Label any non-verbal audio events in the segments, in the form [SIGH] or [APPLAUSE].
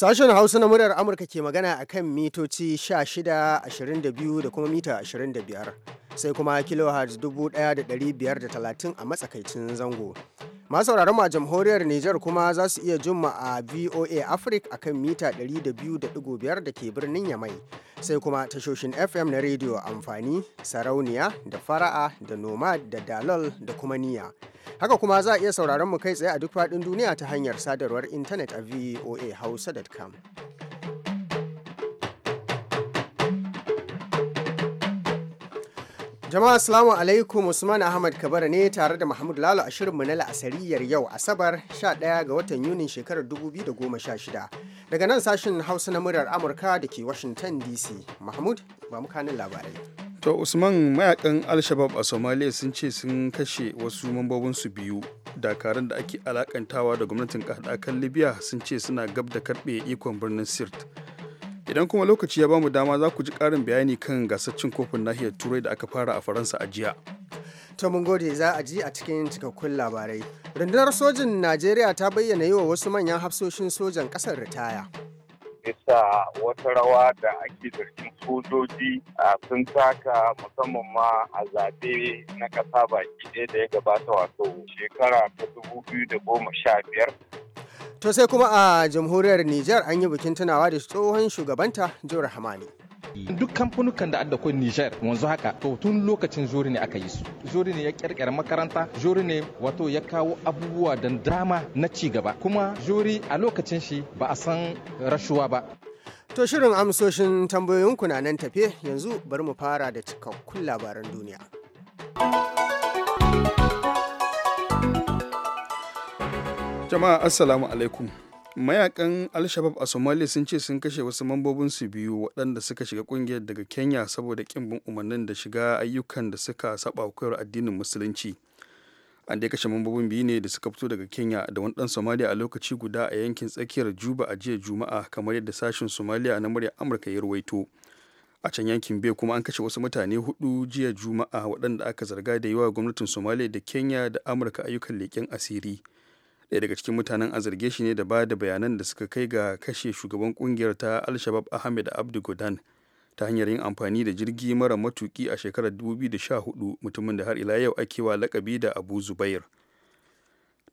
Sashen Hausa na muryar Amurka ke magana a kan mitoci 16, 22 da kuma mita 25. sai kuma kilohertz 1530 a matsakaicin zango. Masu mu a jamhuriyar Nijar kuma za su iya jumma a VOA Africa akan mita 200.5 da ke birnin Yamai, sai kuma tashoshin FM na rediyo amfani, sarauniya da fara'a da nomad da dalol da kuma niya. Haka kuma za a iya sauraron mu kai tsaye a duk faɗin duniya ta hanyar sadarwar intanet a voahausa.com. Jama'a Assalamu alaikum Usman Ahmad Kabara ne tare da Mahmud Lalo a shirin shirinmu na la'asariyar yau Asabar 11 ga watan Yunin shekarar 2016. Daga nan sashin Hausa na murar Amurka da ke Washington DC. Mahmud ba mu kanin labarai. To Usman mayakan al shabab a Somalia sun ce sun kashe wasu su biyu. Dakarun da ake alakantawa da gwamnatin haɗakan Libya sun ce suna gab da karbe ikon birnin Sirt. idan kuma lokaci ya bamu dama za ku ji ƙarin bayani kan gasaccin kofin nahiyar turai da aka fara a faransa a jiya to mun gode za a ji a cikin cikakkun labarai rundunar sojin najeriya ta bayyana yi wa wasu manyan hafsoshin sojan ƙasar ritaya bisa wata rawa da ake zargin sojoji sun taka musamman ma a zaɓe na ƙasa baki ɗaya da ya gabata wato shekara ta 2015 To sai kuma a jamhuriyar Nijar an yi bikin tunawa da tsohon shugabanta Jihar Hamani. duk kamfanukan da adda kwai Niger wanzu haka to tun lokacin jori ne aka yi su jori ne ya kirkira makaranta jori ne wato ya kawo abubuwa da dama na ci gaba kuma jori a lokacin shi ba a san rashuwa ba to shirin amsoshin tambayoyinku na nan tafe yanzu bari mu fara da cikakkun labaran duniya jama'a assalamu alaikum mayakan alshabab a somalia sun ce sun kashe wasu mambobinsu biyu waɗanda suka shiga ƙungiyar daga kenya saboda ƙin bin umarnin da shiga ayyukan da suka saba koyar addinin musulunci an dai kashe mambobin biyu ne da suka fito daga kenya da wani ɗan somalia a lokaci guda a yankin tsakiyar juba a jiya juma'a kamar yadda sashin somalia na murya amurka ya ruwaito a can yankin bai kuma an kashe wasu mutane hudu jiya juma'a waɗanda aka zarga da yiwa gwamnatin somalia da kenya da amurka ayyukan leƙen asiri daya daga cikin mutanen a zarge shi ne da ba da bayanan da suka kai ga kashe shugaban kungiyar ta alshabab ahmed abdu godan ta hanyar yin amfani da jirgi mara matuki a shekarar 2014 mutumin da har ila yau ake wa lakabi da abu zubair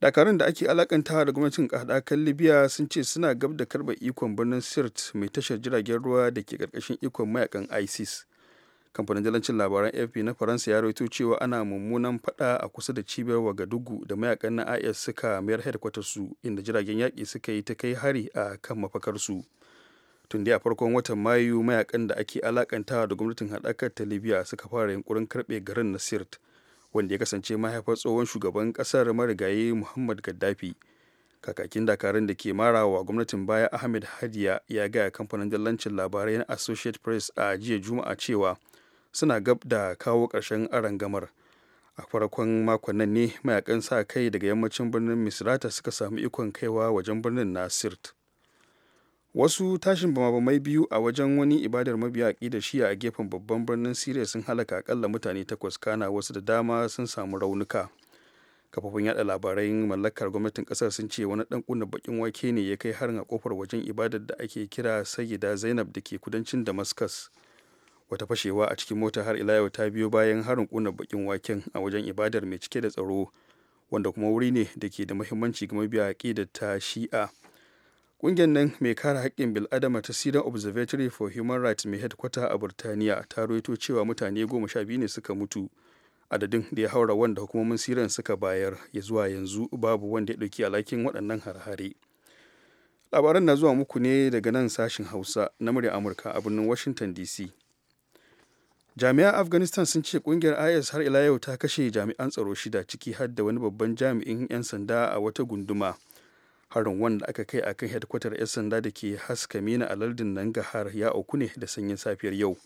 dakarun da ake alakantawa da gwamnatin kadakan libya sun ce suna gab da karɓar ikon birnin sirt mai tashar jiragen ruwa da ke karkashin ikon mayakan isis kamfanin dalancin labaran fp na faransa ya rawaito cewa ana mummunan fada a kusa da cibiyar wagadugu da mayakan na is suka mayar headquarters su inda jiragen yaƙi suka yi ta kai hari a kan mafakarsu tun a farkon watan mayu mayakan da ake alakantawa da gwamnatin haɗakar ta libya suka fara yunkurin karɓe garin na sirt wanda ya kasance mahaifar tsohon shugaban ƙasar marigayi muhammad gaddafi kakakin dakarun da ke marawa gwamnatin baya ahmed hadiya ya gaya kamfanin dallancin labarai na associate press a jiya juma'a cewa suna gab da kawo ƙarshen gamar a farkon makonnan ne mayakan sa kai daga yammacin birnin misrata suka samu ikon kaiwa wajen birnin nasirt wasu tashin bamabamai biyu a wajen wani ibadar mabiya da shiya a gefen babban birnin siriya sun halaka akalla mutane takwas kana wasu da dama sun samu raunuka kafofin yada labarai mallakar gwamnatin kasar sun ce wani dan kunna bakin wake ne ya kai harin a kofar wajen ibadar da ake kira sayyida zainab da ke kudancin damascus wata fashewa a cikin mota har ila yau ta biyo bayan harin kuna bakin waken a wajen ibadar mai cike da tsaro wanda kuma wuri ne da ke da muhimmanci ga mabiya da ta shi'a ƙungiyar nan mai kare haƙƙin bil'adama ta sidan observatory for human rights mai headquarter a burtaniya ta rawaito cewa mutane goma sha biyu ne suka mutu adadin da ya haura wanda hukumomin siran suka bayar ya zuwa yanzu babu wanda ya ɗauki alhakin waɗannan harhare. hare labaran na zuwa muku ne daga nan sashin hausa na murya amurka a birnin washington dc jami'an afghanistan sun ce kungiyar is har ila yau ta kashe jami'an tsaro shida ciki har da wani babban jami'in 'yan sanda a wata gunduma harin wanda aka kai a kan hedkwatar 'yan sanda da ke haska mina a lardin nan har ya auku ne da sanyin safiyar yau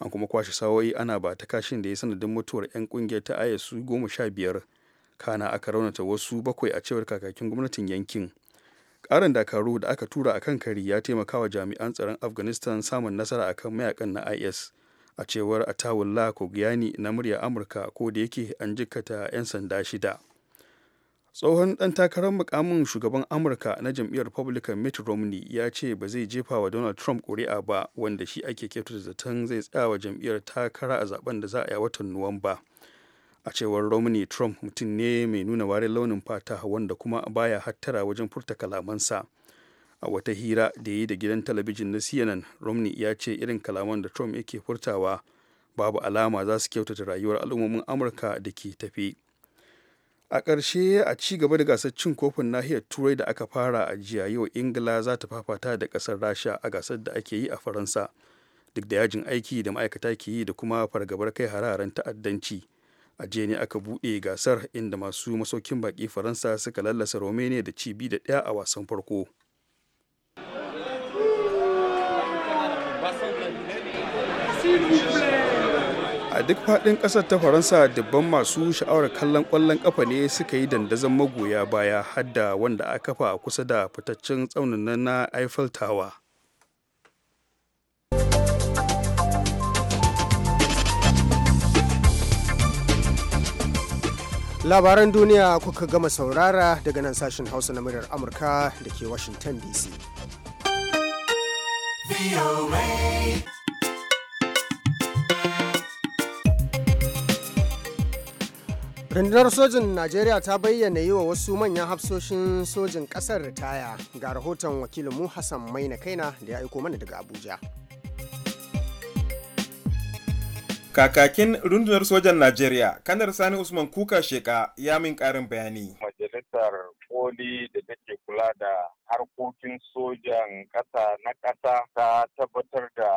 an kuma kwashe sawoyi ana ba ta kashin da ya sanadin mutuwar 'yan kungiyar ta is su goma sha biyar kana aka raunata wasu bakwai a cewar kakakin gwamnatin yankin ƙarin dakaru da aka tura a kan kari ya taimakawa jami'an tsaron afghanistan samun nasara akan mayakan na is a cewar atawullah kogiyani na murya amurka ko da yake an jikkata 'yan sanda shida tsohon ɗan takarar mukamin shugaban amurka na jam'iyyar republican mitt romney ya ce ba zai jefa wa donald trump ƙuri'a ba wanda shi ake kyautata zaton zai tsaya wa jam'iyyar takara a zaben da za a yi watan nuwamba a cewar romney trump mutum ne mai nuna warin launin fata wanda kuma baya hattara wajen furta kalamansa a wata hira da yi da gidan talabijin na cnn romney ya ce irin kalaman da trump yake furtawa babu alama za su kyautata rayuwar al'ummomin amurka da ke tafi a ƙarshe a ci gaba da gasar cin kofin nahiyar turai da aka fara a jiya yau ingila za ta fafata da ƙasar rasha a gasar da ake yi a faransa duk da yajin aiki da ma'aikata ke yi da kuma fargabar kai hararen ta'addanci a jiya ne aka buɗe gasar inda masu masaukin baƙi faransa suka lallasa romania da cibi da ɗaya a wasan farko a duk faɗin ƙasar ta faransa dubban masu sha'awar kallon ƙwallon ƙafa ne suka yi dandazon magoya baya hadda wanda aka kafa kusa da fitaccen tsaunin na eiffel tower labaran duniya kuka gama saurara daga nan sashen hausa na muryar amurka da ke washington dc rundunar sojin najeriya ta bayyana yi wa wasu manyan hafsoshin sojin kasar ritaya ga rahoton wakilin mu hassan maina kaina da ya aiko mana daga abuja kakakin rundunar sojan najeriya kanar sani usman kuka sheka ya min karin bayani majalisar koli da take kula da harkokin sojan ƙasa na ƙasa ta tabbatar da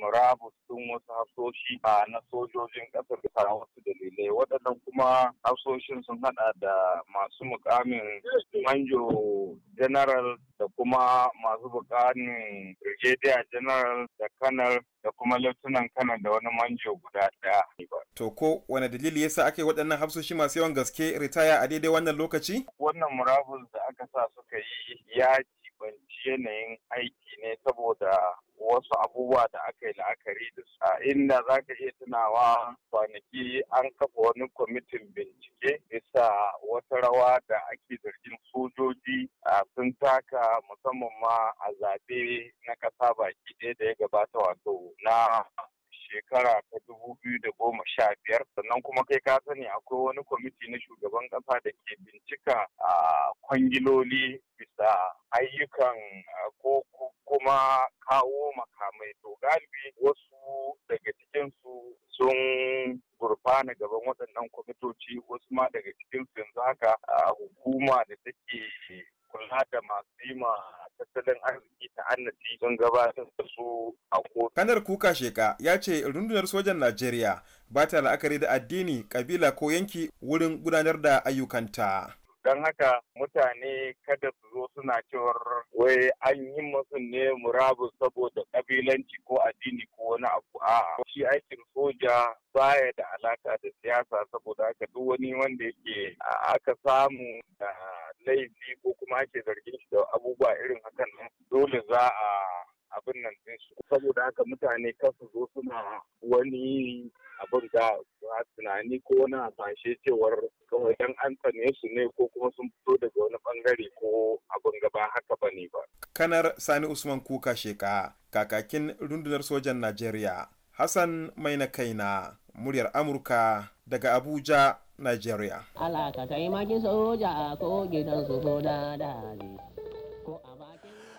murabus ɗin wasu hafsoshi na sojojin ƙasar bisa wasu dalilai waɗannan kuma hafsoshin sun haɗa da masu mukamin manjo general da kuma masu bukanin brigadier general da kanar da kuma lieutenant kanar da wani manjo guda ɗaya. To ko wani dalili yasa ake waɗannan hafsoshi masu yawan gaske ritaya a daidai wannan lokaci? Wannan murabus da aka sa suka yi ya yanayin aiki ne saboda wasu abubuwa da aka yi la'akari da su. inda za ka iya tunawa kwanaki an kafa wani kwamitin bincike bisa wata rawa da ake zargin sojoji sun taka musamman ma a zaɓe na ƙasa baki ɗaya da ya gabata wato na shekara ta dubu biyu da goma sha biyar sannan kuma kai ka sani akwai wani kwamiti na shugaban ƙasa da ke bincika a kwangiloli bisa ayyukan ko kuma kawo makamai to galibi wasu daga cikinsu sun gurfana gaban waɗannan kwamitoci wasu ma daga cikinsu yanzu haka hukuma da take kula da masu yi ma tattalin arziki ta annabi sun gabatar da su a kotu. Kanar Kuka Sheka ya ce rundunar sojan Najeriya ba ta la'akari da addini, kabila ko yanki wurin gudanar da ayyukanta. Don haka mutane kada su suna cewar wai an yi musu ne murabus saboda kabilanci ko addini ko wani abu a'a shi aikin soja baya da alaka da siyasa saboda haka duk wani wanda yake aka samu da laifi ko kuma ake zargin shi da abubuwa irin hakan nan dole za a abin nan din su saboda haka mutane kasu zo suna wani abin da tunani ko wani hasashe cewar kawai dan an tsane su ne ko kuma sun fito daga wani bangare ko abin gaba haka ba ne ba. Kanar Sani Usman Kuka Sheka, kakakin rundunar sojan Najeriya, Hassan Maina Kaina, muryar Amurka daga Abuja, Najeriya. Allah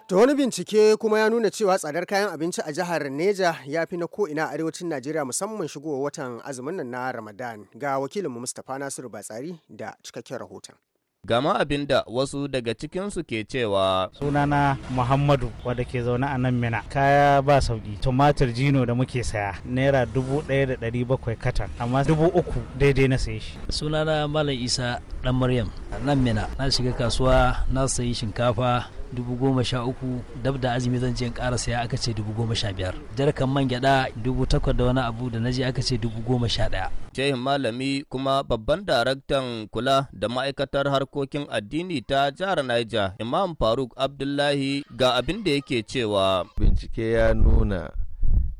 To wani bincike kuma ya nuna cewa tsadar kayan abinci a jihar Neja ya fi na ko'ina a arewacin Najeriya musamman shigowa watan azumin nan na Ramadan ga wakilinmu Mustapha Nasiru Batsari da cikakken rahoton. Gama abin da wasu daga cikinsu ke cewa. Sunana Muhammadu wadda ke zaune a nan Mina. Kaya ba sauki. Tumatir jino da muke saya naira dubu ɗaya da ɗari bakwai katan amma dubu uku daidai na sayi. shi. Sunana Malam Isa ɗan Maryam nan Mina na shiga kasuwa na sayi shinkafa dubu goma sha uku dab da azumi zan je in ƙara saya aka ce dubu goma sha biyar jarkan man gyaɗa dubu takwas da wani abu da na aka ce dubu goma sha ɗaya. Shehin Malami kuma babban daraktan kula da ma'aikatar harkokin addini ta jihar Niger Imam Faruk Abdullahi ga abin da yake cewa. Bincike ya nuna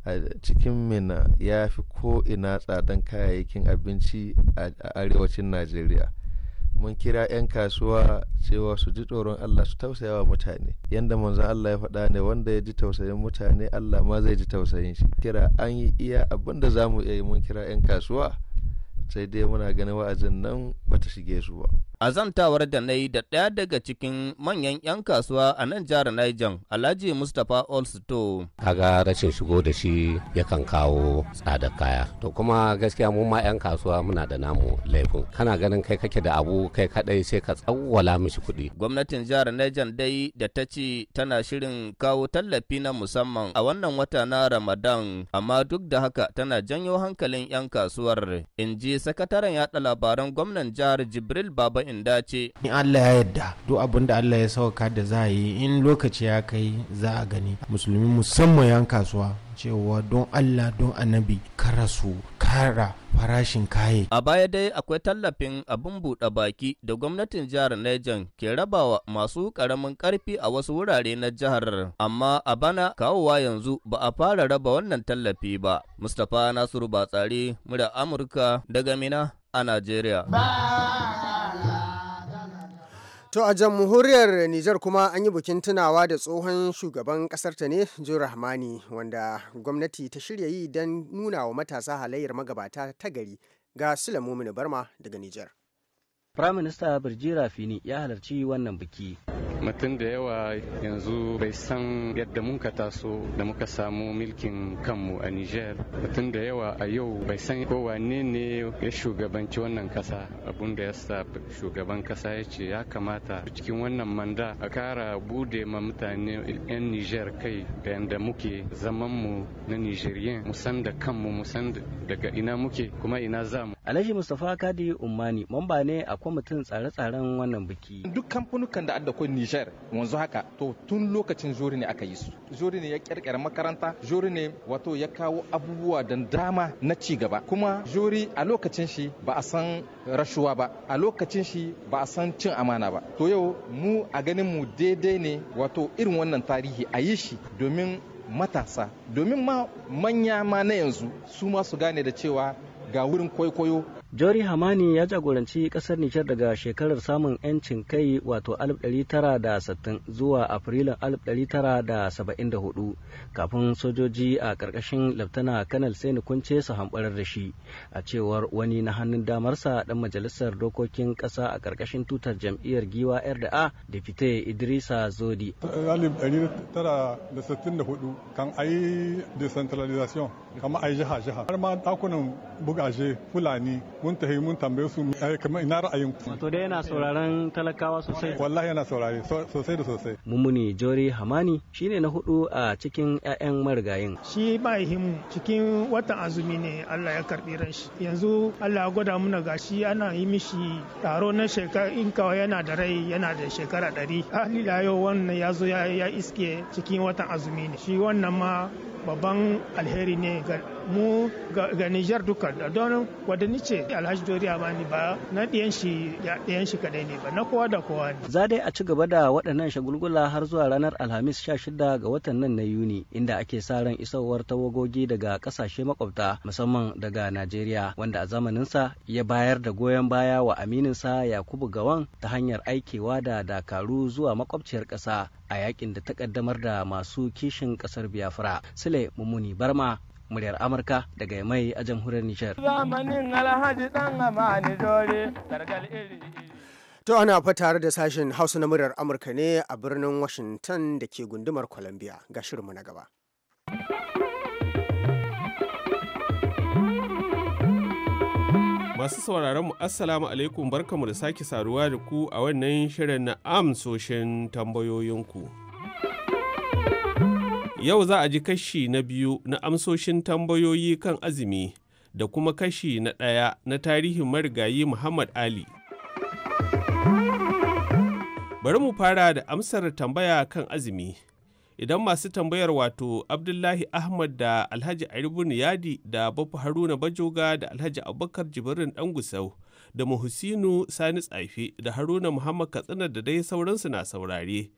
a cikin mina ya fi ko ina tsadan kayayyakin abinci a arewacin Najeriya. mun kira 'yan kasuwa cewa su ji tsoron Allah su tausaya wa mutane yadda manzon Allah ya faɗa ne wanda ya ji tausayin mutane Allah ma zai ji tausayin shi kira an yi iya abin da za mu iya yi mun kira 'yan kasuwa sai dai muna ganin wa'azin nan bata shige su ba A zantawar da na yi da ɗaya daga cikin manyan 'yan kasuwa a nan jihar Niger, Alhaji Mustapha A Kaga rashin shigo da shi yakan kawo tsadar kaya. To kuma gaskiya mu ma 'yan kasuwa muna da namu laifin. Kana ganin kai kake da abu kai kaɗai sai ka tsawwala mishi kuɗi. Gwamnatin jihar Niger dai da ta ce tana shirin kawo tallafi na musamman a wannan wata na Ramadan, amma duk da haka tana janyo hankalin 'yan kasuwar. In ji sakataren yaɗa labaran gwamnan jihar Jibril Baba in dace in Allah ya yarda duk abin da Allah ya sauka da za a yi in lokaci ya kai za a gani musulmi musamman yan kasuwa cewa don Allah don annabi karasu kara farashin kaye. A baya dai akwai tallafin abin buɗe baki da gwamnatin jihar Niger ke rabawa masu ƙaramin ƙarfi a wasu wurare na jihar, amma a bana kawowa yanzu ba a fara raba wannan tallafi ba. Mustapha Nasiru Batsari, murya Amurka daga Mina a Najeriya. To a jamhuriyar Nijar kuma an yi bikin tunawa da tsohon shugaban kasar ta ne Jun Rahmani wanda gwamnati ta shirya yi don nuna wa matasa halayyar magabata ta gari ga Sulaimu Barma daga Nijar. Firaminista Birjira Fini ya halarci wannan biki. mutum da yawa yanzu bai san yadda mun ka taso da muka samu milkin kanmu a niger mutum da yawa a yau bai san kowa ne ne ya shugabanci wannan kasa abun da ya sa shugaban kasa ya ce ya kamata cikin wannan manda a kara bude ma mutane 'yan niger kai da yadda muke zamanmu na nigerian musan da kanmu musan daga ina muke kuma ina zamu alhaji mustapha kadi ummani mamba ne a kwamitin tsare-tsaren wannan biki. Duk kamfanukan da adda kun Niger yanzu haka to tun lokacin zori ne aka yi su. Jori ne ya kirkira makaranta, jori ne wato ya kawo abubuwa da dama na ci gaba. Kuma jori a lokacin shi ba a san rashuwa ba, a lokacin shi ba a san cin amana ba. To yau mu a ganin mu daidai ne wato irin wannan tarihi a yi shi domin matasa domin ma manya ma na yanzu su ma su gane da cewa ga wurin kwaikwayo Jori Hamani ya jagoranci kasar Nijar daga shekarar samun 'yancin kai wato 1960 zuwa Afrilun 1974 kafin sojoji a ƙarƙashin Laftana Kanal ni Kunce su hamɓarar da shi a cewar wani na hannun damarsa ɗan majalisar dokokin ƙasa a ƙarƙashin tutar jam'iyyar Giwa RDA da fite Idrisa Zodi. 1964 kan ayi kama ayi jiha-jiha har ma bugaje Fulani mun tafi mun tambaye su eh, kamar ina ra'ayin ku wato dai yana sauraron talakawa sosai wallahi yana saurare sosai da sosai Mummuni jori hamani shine na hudu a cikin ƴaƴan marigayin shi mahim cikin watan azumi ne Allah ya karbi ran shi yanzu Allah ya gwada muna gashi ana yi mishi taro na shekara in kawai yana da rai yana da shekara ɗari alila yau wannan ya zo ya iske cikin watan azumi ne shi wannan ma babban alheri ne ga mu ga Nijar duka don wadda ni ce Alhaji Dori Amani ba na ɗiyan shi ɗiyan shi kadai ne ba na kowa da kowa ne. Za dai a ci gaba da waɗannan shagulgula har zuwa ranar Alhamis 16 ga watan nan na Yuni inda ake sa ran isowar tawagogi daga ƙasashe makwabta musamman daga Najeriya wanda a zamaninsa ya bayar da goyon baya wa amininsa Yakubu Gawan ta hanyar aikewa da dakaru zuwa makwabciyar ƙasa a yakin da ta kaddamar da masu kishin ƙasar Biafra. Sule Mumuni Barma muryar Amurka daga mai a jamhuriyar Nijar. Zamanin Alhaji To ana fa tare da sashen Hausa na muryar Amurka ne a birnin Washington da ke gundumar Columbia ga shirinmu na gaba. Masu sauraron mu Assalamu alaikum barkamu da sake saruwa da ku a wannan shirin na amsoshin tambayoyinku. Yau za a ji kashi na biyu na amsoshin tambayoyi kan azumi da kuma kashi na ɗaya na tarihin marigayi Muhammad Ali. Bari mu fara da amsar tambaya kan azumi. Idan masu tambayar wato Abdullahi Ahmad da Alhaji Aribun Yadi da Bafu Haruna Bajoga da Alhaji Abubakar Jibrin Ɗangusau da Muhusinu Sani Tsaifi da Haruna Muhammad Katsina da dai sauransu na saurare.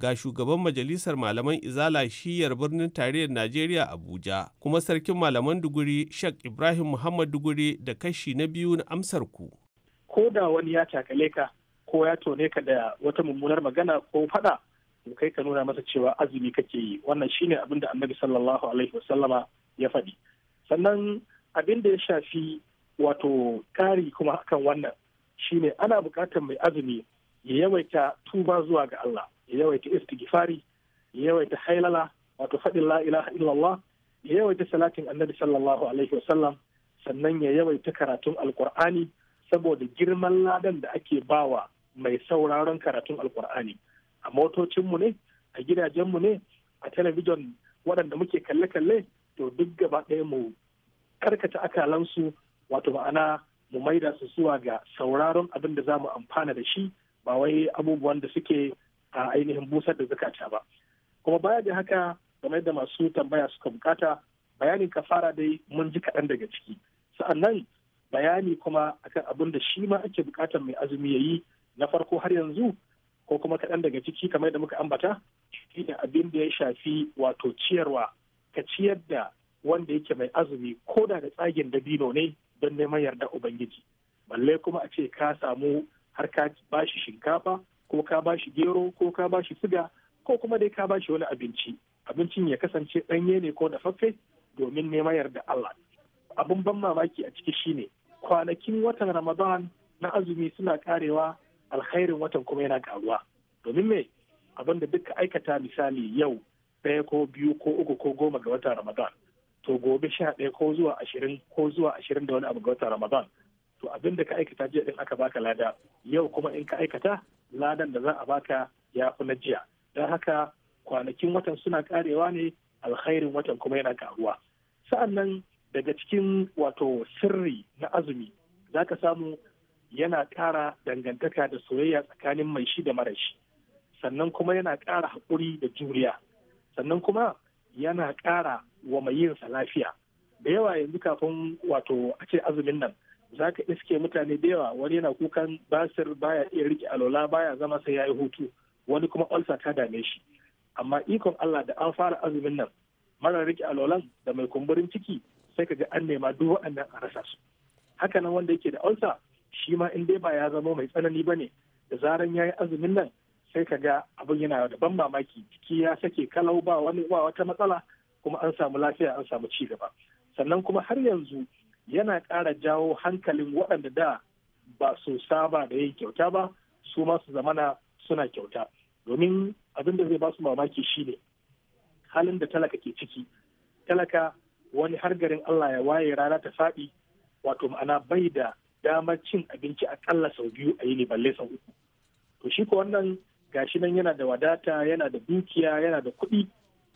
ga shugaban majalisar malaman izala shiyar birnin tarayyar najeriya abuja kuma sarkin malaman duguri shek ibrahim muhammad duguri da kashi na biyu na amsar ku ko da wani ya takale ka ko ya tone ka da wata mummunar magana ko faɗa to kai ka nuna masa cewa azumi kake yi wannan shine abin da annabi sallallahu alaihi wasallama ya faɗi sannan abin da ya shafi wato kari kuma hakan wannan shine ana buƙatar mai azumi ya yawaita tuba zuwa ga Allah ya yawaita istighfari ya yawaita hailala wato faɗin la ilaha illallah ya yawaita salatin annabi sallallahu alaihi wasallam sannan ya yawaita karatun Alqur'ani saboda girman ladan da ake bawa mai sauraron karatun Alqur'ani. a motocinmu ne a gidajenmu ne a talabijin waɗanda muke kalle-kalle to duk gaba ɗaya mu karkata akalansu wato ma'ana mu maida su zuwa ga sauraron abin da za mu amfana da shi ba wai abubuwan da suke a ainihin busar da zukata ba kuma baya da haka game da masu tambaya suka bukata bayanin kafara dai mun ji kaɗan daga ciki sa'annan bayani kuma akan abin da shi ma ake bukatar mai azumi ya yi na farko har yanzu ko kuma kaɗan daga ciki kamar yadda muka ambata shi ne abin da ya shafi wato ciyarwa ka ciyar da wanda yake mai azumi ko da da tsagin dabino ne don neman yarda ubangiji balle kuma a ce ka samu har ka ba shi shinkafa ko ka ba shi gero ko ka ba shi siga ko kuma dai ka ba shi wani abinci abincin ya kasance ɗanye ne ko dafaffe domin neman da Allah abun ban mamaki a ciki shine kwanakin watan Ramadan na azumi suna karewa alkhairin watan kuma yana karuwa domin me abin da duka aikata misali yau ɗaya ko biyu ko uku ko goma ga watan Ramadan to gobe sha ɗaya ko zuwa ashirin ko zuwa ashirin da wani abu ga watan Ramadan to abin da ka aikata jiya din aka baka lada yau kuma in ka aikata ladan da za a baka ya fi na jiya don haka kwanakin watan suna karewa ne alkhairin watan kuma yana karuwa sa'an nan daga cikin wato sirri na azumi za ka samu yana ƙara dangantaka da soyayya tsakanin mai shi da mara shi sannan kuma yana ƙara haƙuri da juriya sannan kuma yana ƙara wa mai yinsa lafiya da yawa yanzu kafin wato a ce azumin nan za ka iske mutane da yawa wani yana kukan basir baya iya rike alola baya zama sai ya yi hutu wani kuma olsa ta dame shi amma ikon Allah da an fara azumin nan mara rike alolan da mai kumburin ciki sai ka ga an nema duk waɗannan a rasa su haka nan wanda yake da olsa shi ma in dai ba ya zama mai tsanani ba ne da zaran ya yi azumin nan sai ka ga abin yana da ban mamaki ciki ya sake kalau ba wani ba wata matsala kuma an samu lafiya an samu ci gaba sannan kuma har yanzu yana ƙara jawo hankalin waɗanda da ba su saba da yin kyauta ba su ma su zamana suna kyauta domin abin da zai ba su mamaki shine halin da talaka ke ciki talaka wani har garin Allah ya waye rana ta faɗi wato ma'ana bai da damar cin abinci akalla sau biyu a yini balle sau uku to shi ko wannan gashi nan yana da wadata yana da dukiya yana da kuɗi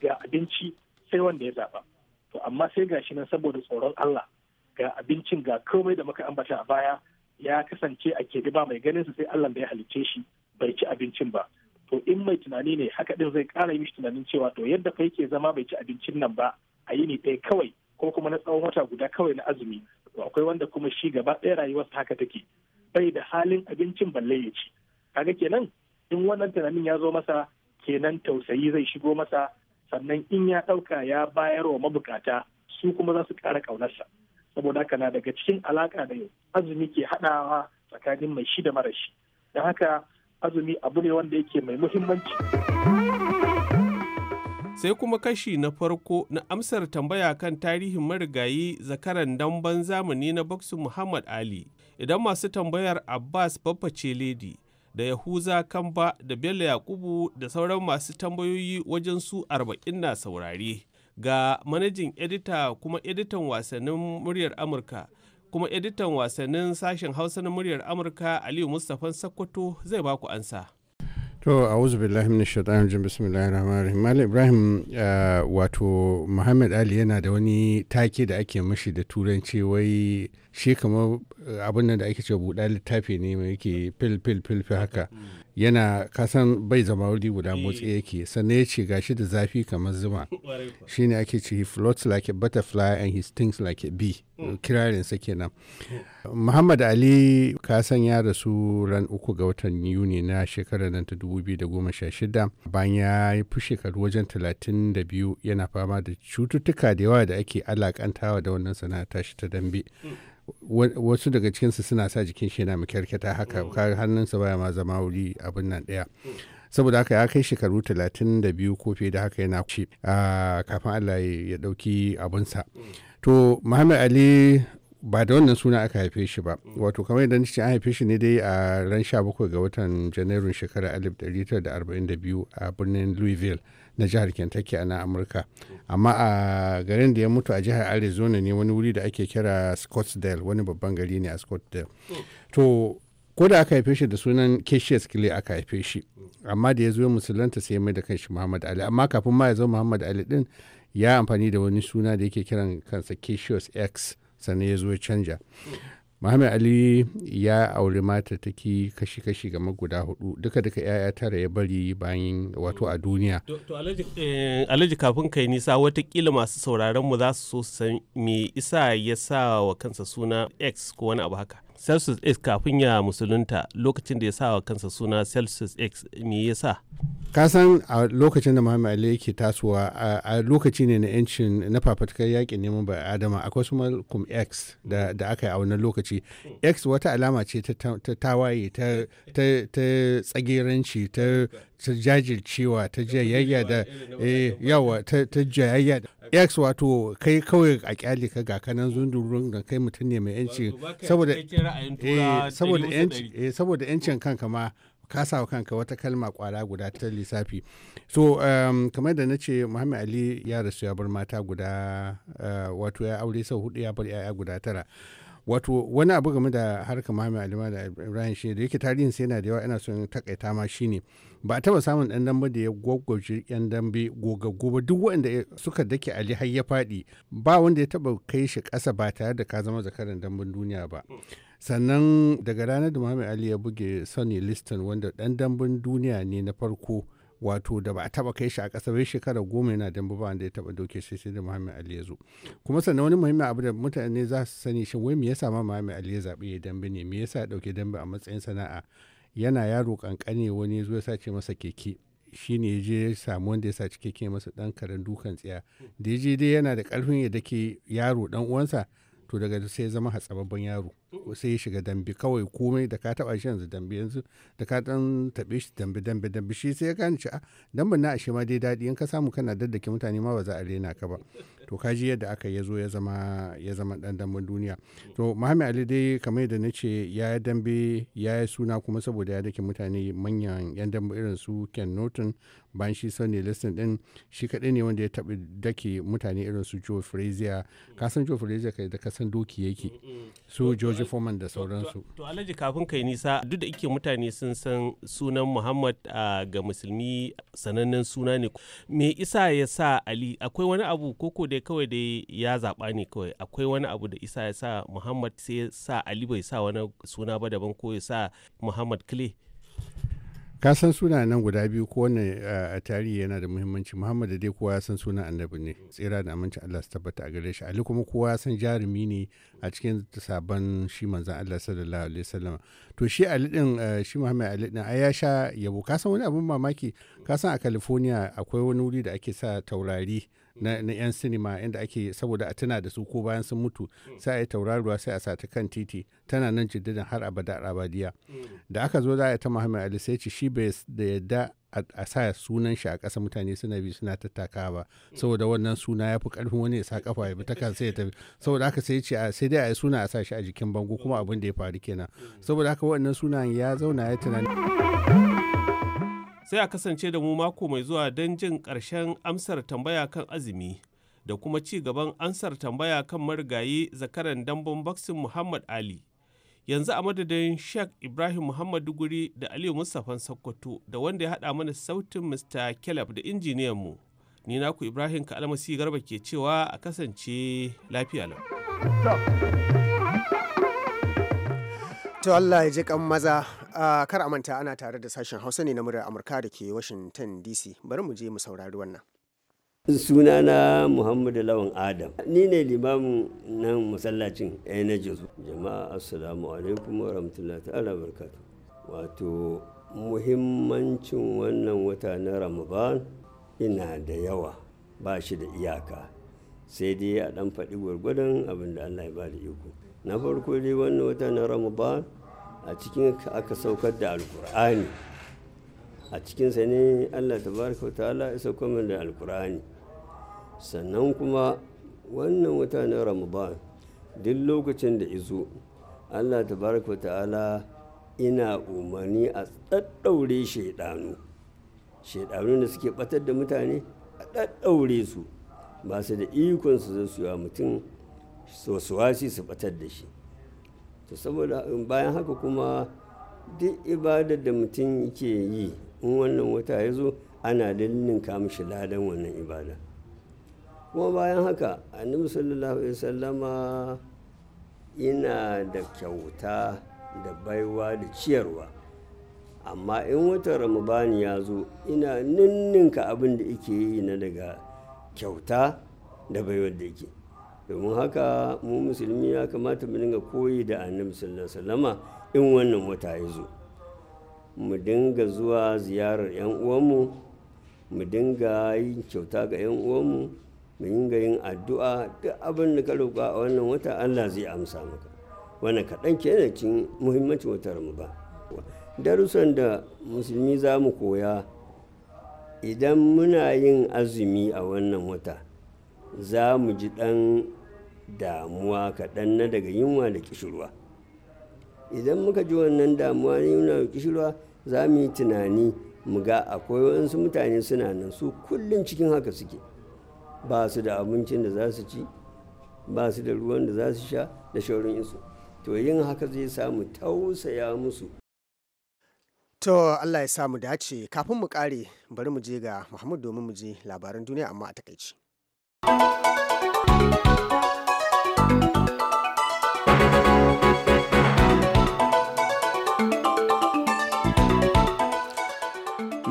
ga abinci sai wanda ya zaɓa to amma sai gashi nan saboda tsoron Allah ga abincin ga komai da muka ambata a baya ya kasance a keɓe ba mai ganin su sai Allah da ya halicce shi bai ci abincin ba to in mai tunani ne haka din zai ƙara mishi tunanin cewa to yadda fa yake zama bai ci abincin nan ba a yi yini ɗaya kawai ko kuma na tsawon wata guda kawai na azumi to akwai wanda kuma shi gaba ɗaya rayuwarsa haka take bai da halin abincin balle ya ci kaga kenan in wannan tunanin ya zo masa kenan tausayi zai shigo masa sannan in ya ɗauka ya bayar wa mabukata su kuma za su ƙara ƙaunarsa. saboda haka na daga cikin alaka da yau azumi ke haɗawa tsakanin mai shi da mara shi don haka azumi abu ne wanda yake mai muhimmanci sai kuma kashi na farko na amsar tambaya kan tarihin marigayi zakaran damban zamani na boksin muhammad ali idan masu tambayar abbas babba ce ledi da yahuza kamba da bello yakubu da sauran masu tambayoyi wajen su arba'in na saurare ga manajin edita kuma editan wasannin muryar amurka kuma editan wasannin sashen hausa na muryar amurka aliyu mustafan sakkwato zai baku ansa to wuzu billahi minash shaitanir rajim bismillahir rahmanir rahim ibrahim eh, wato muhammad ali yana da wani take da ake mashi da turanci wai shi kamar eh, abin da ake ce buɗa littafi ne mai yake fil fil fil haka yana kasan bai zama wuri guda eh. motsi yake sannan ya ce gashi da zafi kamar zuma [LAUGHS] shine ake ce he floats like a butterfly and he stings like a bee hmm. kirarinsa kenan hmm. muhammad ali kasan ya rasu ran uku ga watan yuni na shekarar nan ta 2016 bayan ya yi fi shekaru wajen 32 yana fama da cututtuka da yawa da ake alakantawa da wannan sana'a tashi ta dambe hmm. wasu daga cikinsu suna sa jikin shi yana makyarkyata haka mm. hannunsa baya ma zama wuri abin nan ɗaya mm. saboda haka ya kai shekaru 32 ko fiye da haka yana a kafin allah ya ɗauki abinsa mm. to muhammad ali ba da wannan suna aka haife shi ba wato kamar yadda nace an haife shi ne dai a ran 17 ga watan janairun shekarar 1942 a birnin louisville na jihar kentucky a na amurka amma a garin da ya mutu a jihar arizona ne wani wuri da ake kira scottsdale wani babban gari ne a scottsdale to ko da aka haife shi da sunan cassius clay aka haife shi amma da ya zo musulunta sai mai da kanshi muhammad ali amma kafin ma ya zo muhammad ali din ya amfani da wani suna da yake kiran kansa cassius x sannan ya zo ya canja Muhammad Ali ya auri mata take kashi-kashi game guda hudu duka-duka ‘ya'ya tara ya bari bayan wato a duniya. To eh, Alhaji kafin kai nisa watakila masu sauraron mu za su so san me isa ya sa wa kansa suna X ko wani abu haka. celsius x kafin ya musulunta lokacin da ya sa wa kansa suna celsius x me ya sa ka san a lokacin da muhammad ali yake tasowa a lokaci ne na yancin na fafatakar yakin neman ba adama akwai su malcolm x da aka yi a wannan lokaci x wata alama ce ta tawaye ta tsagiranci ta jajircewa eh, ta jayayya da yawa ta jayayya x wato kai kawai a kyali ka ga kanan zundurun da kai mutum ne mai yanci eh, eh, saboda yancin kanka ma ka kanka wata kalma kwara guda ta lissafi so um, kamar da na ce muhammad ali ya rasu ya bar mata guda uh, wato ya aure sau hudu ya bar 'ya'ya guda tara wato wani abu game da harkar mami alima da ibrahim shi da yake tarihin sai yana da yawa ina son takaita ma shi ne ba a taba samun dan dambe da ya gwaggwaje yan dambe gogaggo ba duk waɗanda suka dake ali har ya fadi ba wanda ya taba kai shi kasa ba tare da ka zama zakaran damben duniya ba sannan daga ranar da muhammad ali ya buge sonny liston wanda dan damben duniya ne na farko wato da ba a taba kai shi a kasar shekarar shekara goma yana damba ba wanda ya taba doke shi sai da Muhammad Ali ya zo kuma sannan wani muhimmin abu da mutane za su sani shin wai me yasa ma Muhammad Ali ya zaɓi ya dambe ne me yasa ya ɗauke dambe a matsayin sana'a yana yaro kankane wani zo ya sace masa keke shi ne ya je ya samu wanda ya sace keke masa dan karen dukan tsiya da ya je dai yana da karfin ya dake yaro dan uwansa to daga sai ya zama hatsababban yaro sai ya shiga dambe kawai komai da ka taba shi yanzu dambe yanzu da ka dan tabe shi dambe dambe dambe shi sai ya gane shi a ah, dambe na ashe ma dai dadi in ka samu kana daddake mutane ma ba za a rena ka ba to ka ji yadda aka yazo ya zama ya zama dan damben duniya to Muhammad Ali dai kamar yadda na ce ya dambe ya yi suna kuma saboda ya dake mutane manyan yan dambe irin su Ken Norton bayan shi sani Liston din shi kaɗai ne wanda ya taɓa dake mutane irin su Joe Frazier ka san Joe Frazier kai da ka san doki yake so George foreman da sauransu to alhaji kafin kai nisa duk da ike mutane sun san sunan muhammad ga musulmi sanannen suna ne me isa ya sa ali akwai wani abu koko dai kawai dai ya zaɓa ne kawai akwai wani abu da isa ya sa muhammad sai ya sa ali bai sa wani suna ba daban ko ya sa muhammad clay ka san suna nan guda biyu ko wanne eh, a tarihi yana da muhimmanci muhammad da dai kowa ya san suna annabi ne tsira da aminci allah su tabbata a gare shi ali kuma kowa ya san jarumi ne a cikin sabon shi manzan allah sallallahu alaihi wasallam to shi ali din eh, shi muhammad ali din ai ya sha yabo ka san wani abun mamaki ka san a california akwai wani wuri da ake sa taurari na 'yan sinima inda ake saboda a tuna da su ko bayan sun mutu mm. sai a yi tauraruwa sai a sata kan titi tana nan jiddidin har abada abadiya mm. da aka zo za a ta muhammad ali sai ce shi bai da yadda a sa sunan shi a ƙasa mutane suna bi suna tattaka ba mm. saboda wannan suna ya fi ƙarfin wani ya sa kafa ya ta kan sai ya tafi saboda haka sai ce sai dai a yi suna a sa shi a jikin bango kuma abin da ya faru kenan saboda haka wannan sunan ya zauna ya tunani sai a kasance da mu mako mai zuwa don jin ƙarshen amsar tambaya kan azumi da kuma ci gaban amsar tambaya kan marigayi zakaran dambun boxing muhammad ali yanzu a madadin sheikh ibrahim muhammad duguri da aliyu mustapha sokoto da wanda ya haɗa mana sautin mr kelab da injiniyan mu ni naku ibrahim ka alamasi garba ke cewa a kasance lafiya lau To Allah ya ji kan maza kar a manta ana tare da sashen Hausa ne na murar Amurka da ke Washington DC. Bari mu je mu saurari wannan. sunana muhammadu lawan adam ni ne limamin nan masallacin na jama'a assalamu alaikum wa rahmatullahi ta'ala barkatu wato muhimmancin wannan wata na ramadan ina da yawa ba shi da iyaka sai dai a dan faɗi gwargwadon abin da allah ya ba da iko na farko dai wannan wata na ramadan a cikin aka saukar da alkur'ani a cikinsa ne allah ta tabaraka ta'ala ya saukar min da alkur'ani sannan kuma wannan wata na ramadan duk lokacin da izo allah ta wata ta'ala ina umarni a tsaddaure shaidanu shaidanu da suke batar da mutane a ɗaɗɗaure su ba su da ikon su zai mutum wasi su batar da shi to saboda bayan haka kuma duk ibadar da mutum yake yi in wannan wata ya zo ana ninka mishi ladan wannan ibada kuma bayan haka annabi sallallahu alaihi sallama ina da kyauta da baiwa da ciyarwa amma in wata ramubani ya zo ina ninninka abin da yake yi na daga kyauta da baiwar da yake domin haka mu musulmi ya kamata mu dinga koyi da annabi sallallahu alaihi wasallama in wannan wata ya zo mu dinga zuwa ziyarar 'yan uwanmu mu dinga yin kyauta ga 'yan uwanmu mu dinga yin addu'a duk abin da ka roƙa a wannan wata allah zai amsa maka wani kaɗan kenan cin muhimmancin wata ba darussan da musulmi za mu koya idan muna yin azumi a wannan wata za mu ji ɗan damuwa kaɗan na daga yunwa da kishirwa idan muka ji wannan damuwa na yunwa da kishirwa za mu yi tunani mu ga akwai wasu mutane suna nan su kullum cikin haka suke ba su da abincin da za su ci ba su da ruwan da za su sha da shaurin isu to yin haka zai samu tausaya musu to Allah ya samu dace kafin mu kare bari mu je ga Muhammad domin mu je labaran duniya amma a takaici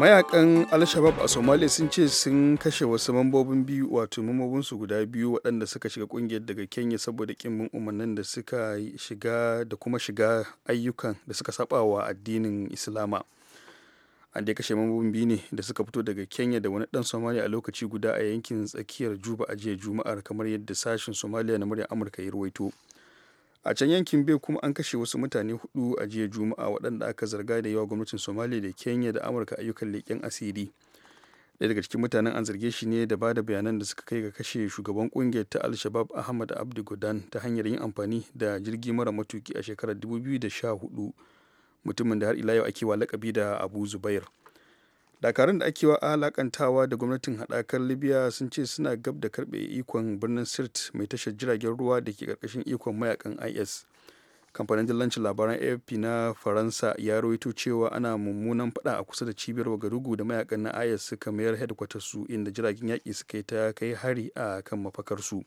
mayakan al a somalia sun ce sun kashe wasu mambobin biyu wato mambobinsu guda biyu waɗanda suka shiga kungiyar daga kenya saboda ƙin umarnin da suka shiga da kuma shiga ayyukan da suka saba wa addinin islama an dai kashe mambobin biyu ne da suka fito daga kenya da wani dan somaliya a lokaci guda a yankin tsakiyar juba a jiya juma'ar kamar yadda sashen somaliya na muryar amurka ya ruwaito a can yankin bai kuma an kashe wasu mutane hudu a jiya juma'a waɗanda aka zarga da yawa gwamnatin somaliya da kenya da amurka ayyukan leƙen asiri ɗaya daga cikin mutanen an zarge shi ne da bada bayanan da suka kai ga kashe shugaban kungiyar ta al-shabab ahmad abdi godan ta hanyar yin amfani da jirgi mara matuki a shekarar 2014 mutumin da har ila yau ake wa lakabi da abu zubair dakarun da ake wa alakantawa da gwamnatin haɗakar libya sun ce suna gab da karɓe ikon birnin sirt mai tashar jiragen ruwa da ke karkashin ikon mayakan is kamfanin dillancin labaran afp na faransa ya rawaito cewa ana mummunan fada a kusa da cibiyar wagadugu da mayakan na is suka mayar headquarters su inda jiragen yaƙi suka yi ta kai hari a kan mafakarsu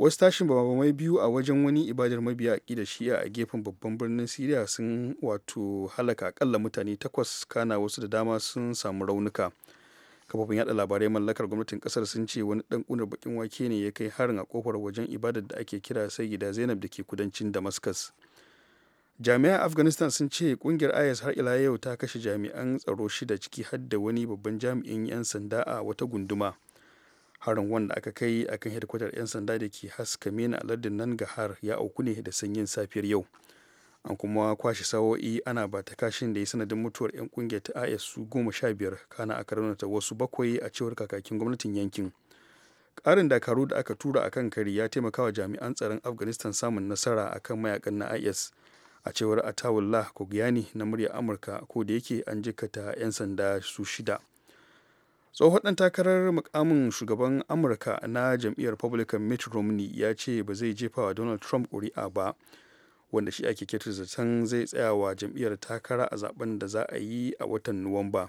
wasu tashin mai biyu a wajen wani ibadar mabiya da shi'a a gefen babban birnin siriya sun wato halaka akalla mutane takwas kana wasu da dama sun samu raunuka kafofin yada labarai mallakar gwamnatin kasar sun ce wani dan kunar bakin wake ne ya kai harin a kofar wajen ibadar da ake kira sai gida zainab da ke kudancin damascus jami'an afghanistan sun ce kungiyar is har ila yau ta kashe jami'an tsaro shida ciki har da wani babban jami'in 'yan sanda a wata gunduma harin wanda aka kai a kan hedikwatar 'yan sanda da ke haska mena a lardin nan gahar ya auku ne da sanyin safiyar yau an kuma kwashe sawo'i ana ba ta kashin da ya sanadin mutuwar 'yan kungiyar ta is su goma sha biyar kana aka raunata wasu bakwai a cewar kakakin gwamnatin yankin ƙarin dakaru da aka tura akan kari ya taimaka wa jami'an tsaron afghanistan samun nasara akan mayakan na is a cewar atawullah kogiyani na murya amurka ko da yake an jikata 'yan sanda su shida tsohon ɗan takarar mukamin shugaban amurka na jam'iyyar republican mitt romney ya ce ba zai jefa wa donald trump kuri'a ba wanda shi ake ketar zaton zai tsaya wa jam'iyyar takara a zaben da za a yi a watan nuwamba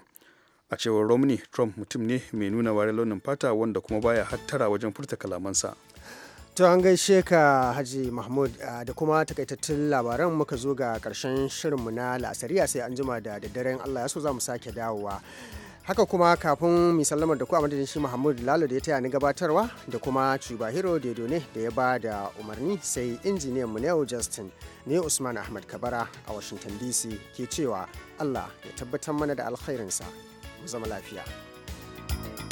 a cewar romney trump mutum ne mai nuna wari launin fata wanda kuma baya hattara wajen furta kalamansa to an gaishe ka haji mahmud ah, da kuma takaitattun labaran muka zo ga karshen shirinmu na la'asariya sai an jima da daddaren allah ya so za mu sake dawowa haka kuma kafin misalamar da ku a madadin shi Muhammad Lalo da ya taya ni gabatarwa da kuma hero Dedo ne da ya ba da umarni sai injiniyan mu Neo Justin ne Usman Ahmad Kabara a Washington DC ke cewa Allah ya tabbatar mana da alkhairinsa mu zama lafiya.